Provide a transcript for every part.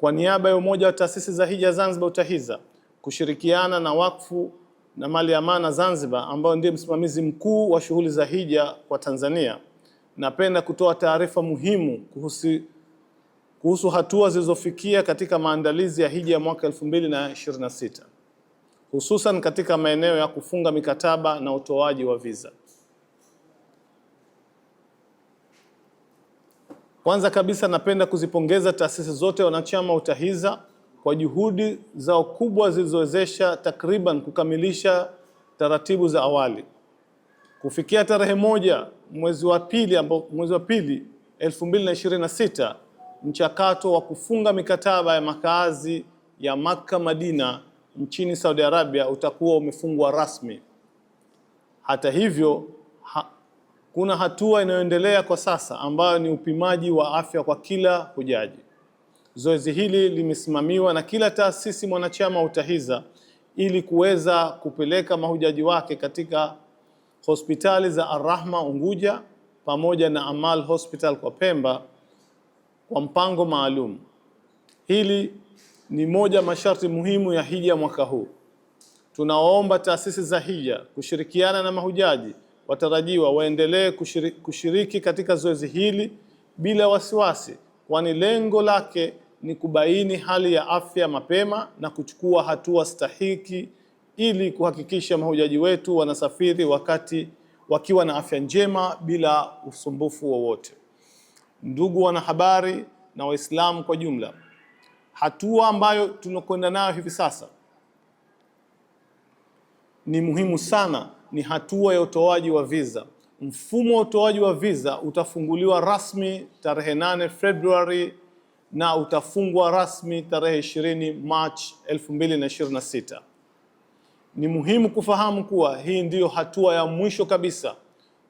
kwa niaba ya Umoja wa Taasisi za Hija Zanzibar UTAHIZA kushirikiana na Wakfu na Mali ya Amana Zanzibar ambayo ndiye msimamizi mkuu wa shughuli za hija kwa Tanzania, napenda kutoa taarifa muhimu kuhusu, kuhusu hatua zilizofikia katika maandalizi ya hija ya mwaka 2026 hususan katika maeneo ya kufunga mikataba na utoaji wa visa. Kwanza kabisa napenda kuzipongeza taasisi zote wanachama UTAHIZA kwa juhudi zao kubwa zilizowezesha takriban kukamilisha taratibu za awali kufikia tarehe moja mwezi wa pili ambao mwezi wa pili 2026 mchakato wa kufunga mikataba ya makazi ya Makka Madina nchini Saudi Arabia utakuwa umefungwa rasmi. Hata hivyo ha kuna hatua inayoendelea kwa sasa ambayo ni upimaji wa afya kwa kila hujaji. Zoezi hili limesimamiwa na kila taasisi mwanachama UTAHIZA ili kuweza kupeleka mahujaji wake katika hospitali za Arrahma Unguja pamoja na Amal Hospital kwa Pemba kwa mpango maalum. Hili ni moja masharti muhimu ya hija mwaka huu. tunaomba taasisi za hija kushirikiana na mahujaji watarajiwa waendelee kushiriki, kushiriki katika zoezi hili bila wasiwasi, kwani lengo lake ni kubaini hali ya afya mapema na kuchukua hatua stahiki ili kuhakikisha mahujaji wetu wanasafiri wakati wakiwa na afya njema bila usumbufu wowote. Ndugu wanahabari na Waislamu kwa jumla, hatua ambayo tunakwenda nayo hivi sasa ni muhimu sana ni hatua ya utoaji wa visa. Mfumo wa utoaji wa visa utafunguliwa rasmi tarehe 8 Februari na utafungwa rasmi tarehe 20 March 2026. Ni muhimu kufahamu kuwa hii ndiyo hatua ya mwisho kabisa.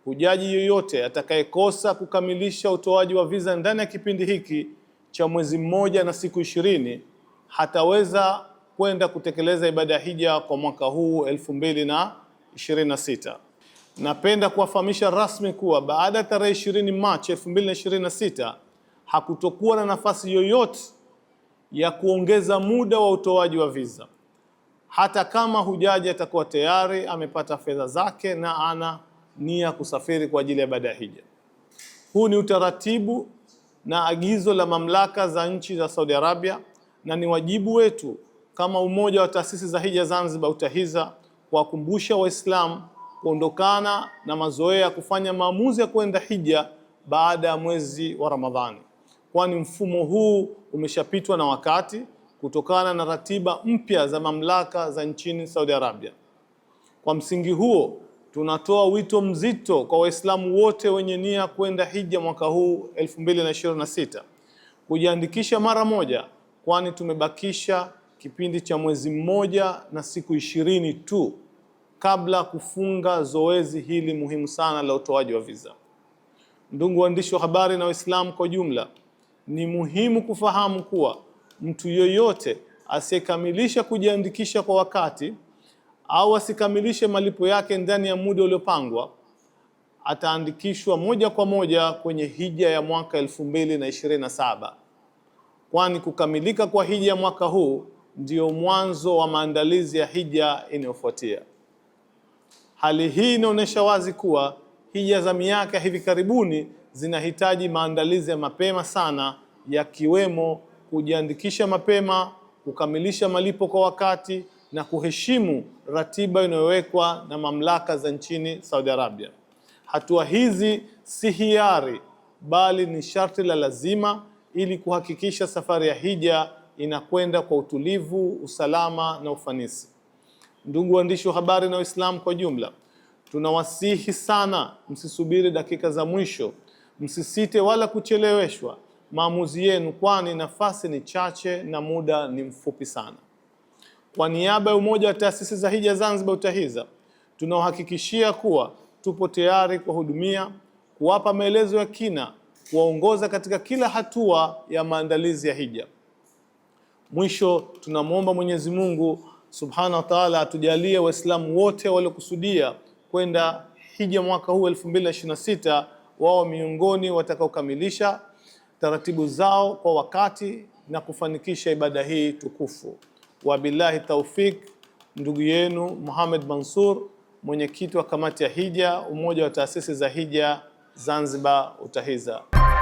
Hujaji yoyote atakayekosa kukamilisha utoaji wa visa ndani ya kipindi hiki cha mwezi mmoja na siku ishirini hataweza kwenda kutekeleza ibada ya hija kwa mwaka huu elfu mbili na 26. Napenda kuwafahamisha rasmi kuwa baada ya tarehe 20 Machi 2026 hakutokuwa na nafasi yoyote ya kuongeza muda wa utoaji wa visa, hata kama hujaji atakuwa tayari amepata fedha zake na ana nia kusafiri kwa ajili ya ibada ya hija. Huu ni utaratibu na agizo la mamlaka za nchi za Saudi Arabia na ni wajibu wetu kama Umoja wa Taasisi za Hija Zanzibar, UTAHIZA kuwakumbusha Waislamu kuondokana na mazoea ya kufanya maamuzi ya kwenda hija baada ya mwezi wa Ramadhani, kwani mfumo huu umeshapitwa na wakati kutokana na ratiba mpya za mamlaka za nchini Saudi Arabia. Kwa msingi huo, tunatoa wito mzito kwa Waislamu wote wenye nia kwenda hija mwaka huu 2026 kujiandikisha mara moja, kwani tumebakisha kipindi cha mwezi mmoja na siku ishirini tu kabla kufunga zoezi hili muhimu sana la utoaji wa visa. Ndugu waandishi wa habari na Waislamu kwa jumla, ni muhimu kufahamu kuwa mtu yoyote asiyekamilisha kujiandikisha kwa wakati au asikamilishe malipo yake ndani ya muda uliopangwa ataandikishwa moja kwa moja kwenye hija ya mwaka elfu mbili na ishirini na saba kwani kukamilika kwa hija ya mwaka huu ndio mwanzo wa maandalizi ya hija inayofuatia. Hali hii inaonyesha wazi kuwa hija za miaka hivi karibuni zinahitaji maandalizi ya mapema sana, yakiwemo kujiandikisha mapema, kukamilisha malipo kwa wakati na kuheshimu ratiba inayowekwa na mamlaka za nchini Saudi Arabia. Hatua hizi si hiari, bali ni sharti la lazima ili kuhakikisha safari ya hija inakwenda kwa utulivu, usalama na ufanisi. Ndugu waandishi wa habari na Waislamu kwa jumla, tunawasihi sana msisubiri dakika za mwisho, msisite wala kucheleweshwa maamuzi yenu, kwani nafasi ni chache na muda ni mfupi sana. Kwa niaba ya Umoja wa Taasisi za Hija Zanzibar UTAHIZA, tunawahakikishia kuwa tupo tayari kuwahudumia, kuwapa maelezo ya kina, kuwaongoza katika kila hatua ya maandalizi ya hija. Mwisho tunamwomba Mwenyezi Mungu subhana wa taala atujalie Waislamu wote waliokusudia kwenda hija mwaka huu 2026 wao miongoni watakaokamilisha taratibu zao kwa wakati na kufanikisha ibada hii tukufu. Wabillahi taufik, ndugu yenu Muhammad Mansur, mwenyekiti wa kamati ya hija, umoja wa taasisi za hija Zanzibar, UTAHIZA.